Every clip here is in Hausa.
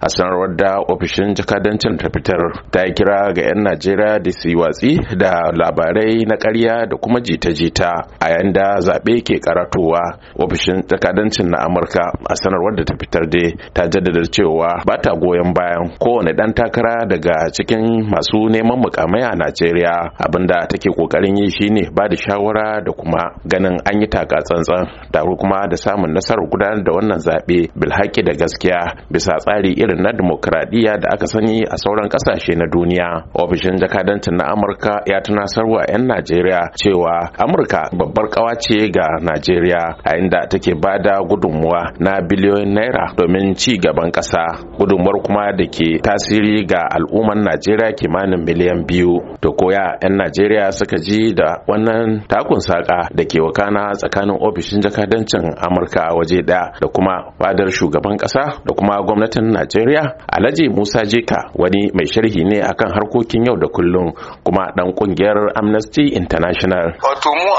a sanarwar da ofishin jakadancin ta fitar ta yi kira ga 'yan najeriya da su watsi da labarai na karya da kuma jita-jita a yayin da zaɓe ke karatowa ofishin jakadancin na amurka a sanarwar da ta fitar dai ta jaddada cewa ba ta goyon bayan kowane ɗan takara daga cikin masu neman mukamai a najeriya abinda take kokarin yi shine ba da shawara da kuma ganin an yi taka tsantsan da kuma da samun nasarar gudanar da wannan zaɓe bilhaki da gaskiya bisa tsari irin na demokradiyya da aka sani a sauran kasashe na duniya ofishin jakadancin na amurka ya tunasarwa 'yan najeriya cewa amurka babbar kawa ce ga najeriya a inda take bada gudunmuwa na biliyoyin naira domin ci gaban kasa gudunmuwar kuma da ke tasiri ga al'umman najeriya kimanin miliyan biyu to koya 'yan najeriya suka ji da wannan takun saka da ke wakana tsakanin ofishin jakadancin amurka a waje daya da kuma fadar shugaban kasa da kuma gwamnatin najeriya Najeriya Alhaji Musa Jeka wani mai sharhi ne akan harkokin yau da kullum kuma dan kungiyar Amnesty International. Wato mu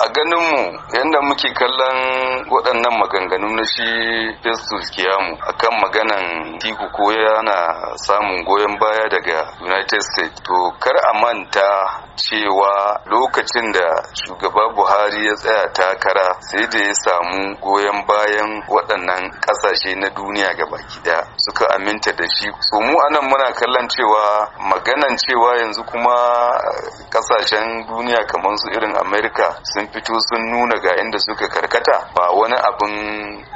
a ganin mu yadda muke kallon waɗannan maganganu na shi Festus Kiyamu akan maganan Tiku ko yana samun goyon baya daga united states to kar a manta cewa lokacin da shugaba buhari ya tsaya takara sai da ya samu goyon bayan waɗannan ƙasashe na duniya baki ɗaya suka aminta da shi so mu anan muna kallon cewa maganan cewa yanzu kuma ƙasashen duniya kamar su irin amerika sun fito sun nuna ga inda suka karkata ba wani abin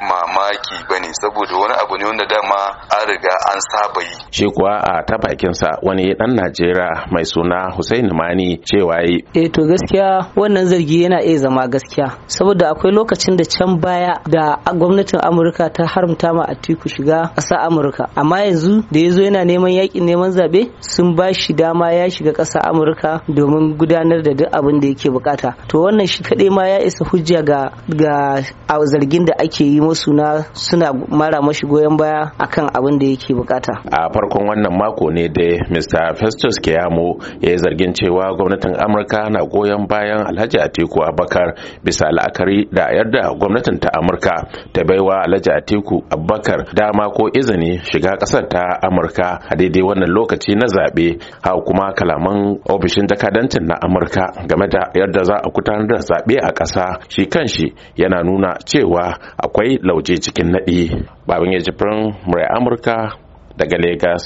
mamaki ba ne saboda wani abu ne wanda dama an riga an saba yi shi a ta wani ya dan najeriya mai suna hussein mani cewa yi eh to gaskiya wannan zargi yana iya zama gaskiya saboda akwai lokacin da can baya da gwamnatin amurka ta haramta ma atiku shiga ƙasa amurka amma yanzu da ya zo yana neman yakin neman zaɓe sun ba shi dama ya shiga ƙasa amurka domin gudanar da duk abin da yake bukata to wannan shi kaɗai ma ya isa hujja ga ga zargin da ake yi musu na suna mara mashi goyon baya akan abin da yake bukata a farkon wannan mako ne da mr festus keyamo ya yi zargin cewa gwamnatin amurka na goyon bayan alhaji atiku abubakar bisa la'akari da yarda gwamnatin ta amurka ta baiwa alhaji atiku abubakar dama ko izini shiga ƙasar ta amurka a daidai wannan lokaci na zaɓe ha kuma kalaman ofishin jakadancin na amurka game da yadda za a gudanar da zaɓe a ƙasa shi kanshi yana nuna cewa akwai lauje cikin naɗi babin ya murai amurka daga Legas.